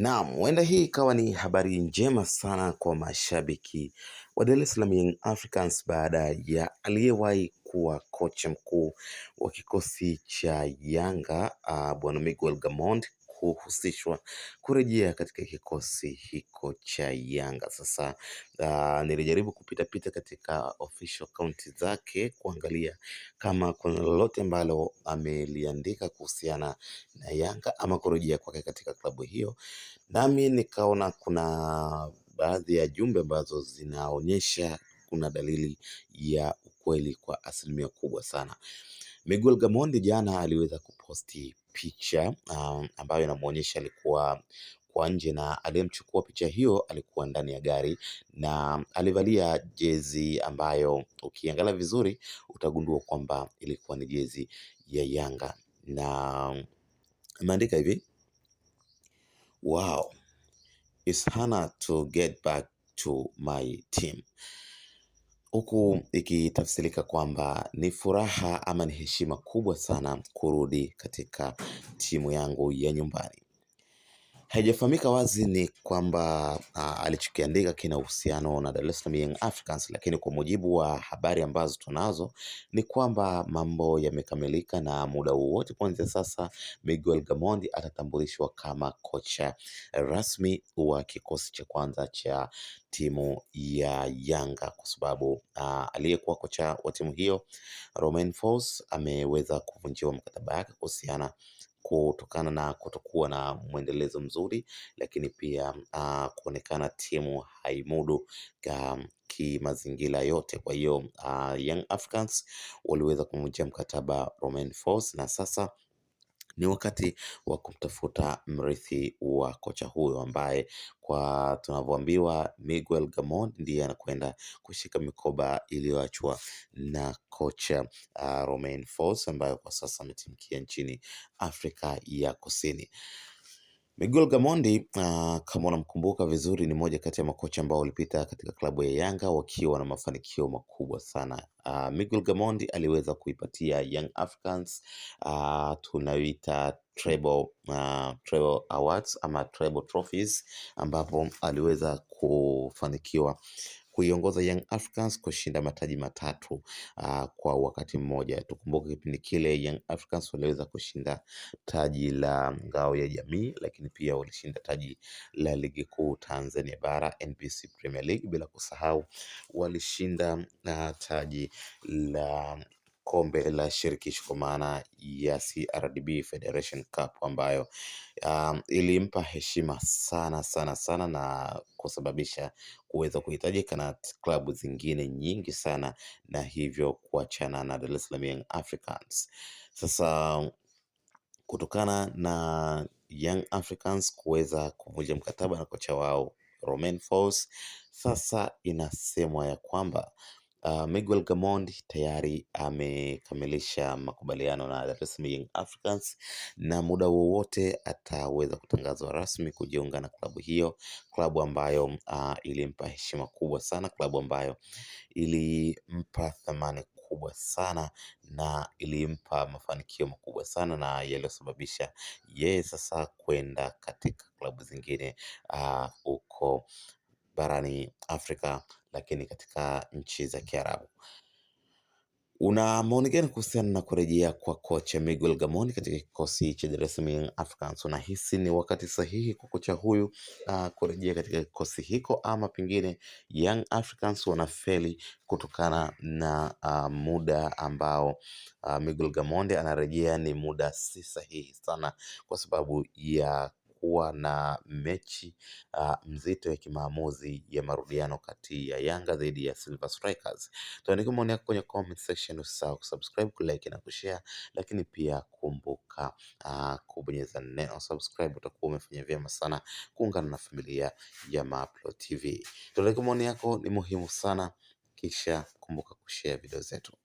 Naam, huenda hii ikawa ni habari njema sana kwa mashabiki wa Dar es Salaam Young Africans baada ya aliyewahi kuwa kocha mkuu wa kikosi cha Yanga uh, Bwana Miguel Gamond kuhusishwa kurejea katika kikosi hiko cha Yanga. Sasa uh, nilijaribu kupitapita katika official account zake kuangalia kama kuna lolote ambalo ameliandika kuhusiana na Yanga ama kurejea kwake katika klabu hiyo, nami nikaona kuna baadhi ya jumbe ambazo zinaonyesha kuna dalili ya ukweli kwa asilimia kubwa sana. Miguel Gamondi jana aliweza kuposti picha um, ambayo inamuonyesha alikuwa kwa nje na aliyemchukua picha hiyo alikuwa ndani ya gari na alivalia jezi ambayo ukiangalia vizuri utagundua kwamba ilikuwa ni jezi ya Yanga na imeandika hivi wow it's hana to get back to my team huku ikitafsirika kwamba ni furaha ama ni heshima kubwa sana kurudi katika timu yangu ya nyumbani haijafahamika wazi ni kwamba uh, alichokiandika kina uhusiano na Dar es Salaam Young Africans, lakini kwa mujibu wa habari ambazo tunazo ni kwamba mambo yamekamilika na muda wowote kuanzia sasa Miguel Gamondi atatambulishwa kama kocha rasmi wa kikosi cha kwanza cha timu ya Yanga kwa sababu uh, aliyekuwa kocha wa timu hiyo Romain Folz ameweza kuvunjiwa mkataba yake kuhusiana kutokana na kutokuwa na mwendelezo mzuri, lakini pia uh, kuonekana timu haimudu kimazingira yote. Kwa hiyo uh, Young Africans waliweza kumvunjia mkataba Romain Folz na sasa ni wakati wa kumtafuta mrithi wa kocha huyo ambaye kwa tunavyoambiwa Miguel Gamond ndiye anakwenda kushika mikoba iliyoachwa na kocha uh, Romain Folz ambayo kwa sasa ametimkia nchini Afrika ya Kusini. Miguel Gamondi uh, kama unamkumbuka vizuri ni moja kati ya makocha ambao walipita katika klabu ya Yanga wakiwa na mafanikio makubwa sana. Uh, Miguel Gamondi aliweza kuipatia Young Africans uh, tunaita treble, uh, treble awards ama treble trophies ambapo aliweza kufanikiwa kuiongoza Young Africans kushinda mataji matatu uh, kwa wakati mmoja. Tukumbuke kipindi kile Young Africans waliweza kushinda taji la ngao ya jamii, lakini pia walishinda taji la ligi kuu Tanzania bara NBC Premier League, bila kusahau walishinda uh, taji la kombe la shirikisho kwa maana ya CRDB Federation Cup ambayo um, ilimpa heshima sana sana sana na kusababisha kuweza kuhitajika na klabu zingine nyingi sana na hivyo kuachana na Dar es Salaam Young Africans. Sasa kutokana na Young Africans kuweza kuvunja mkataba na kocha wao Romain Folz, sasa inasemwa ya kwamba Uh, Miguel Gamond tayari amekamilisha makubaliano na The es Young Africans na muda wowote ataweza kutangazwa rasmi kujiunga na klabu hiyo, klabu ambayo uh, ilimpa heshima kubwa sana, klabu ambayo ilimpa thamani kubwa sana na ilimpa mafanikio makubwa sana na yaliyosababisha yeye sasa kwenda katika klabu zingine ah, huko uko barani Afrika lakini katika nchi za mm-hmm. Kiarabu. Una maoni gani kuhusiana na kurejea kwa kocha Miguel Gamoni katika kikosi cha Dar es Salaam Africans? Unahisi ni wakati sahihi kwa kocha huyu uh, kurejea katika kikosi hiko, ama pengine Young Africans wanafeli kutokana na uh, muda ambao uh, Miguel Gamonde anarejea ni muda si sahihi sana, kwa sababu ya kuwa na mechi uh, mzito ya kimaamuzi ya marudiano kati ya Yanga dhidi ya Silver Strikers. Tuandike maoni yako kwenye comment section, usisahau kusubscribe, kulike na kushare, lakini pia kumbuka uh, kubonyeza neno subscribe, utakuwa umefanya vyema sana kuungana na familia ya Mapro TV. Tuandike maoni yako, ni muhimu sana kisha kumbuka kushare video zetu.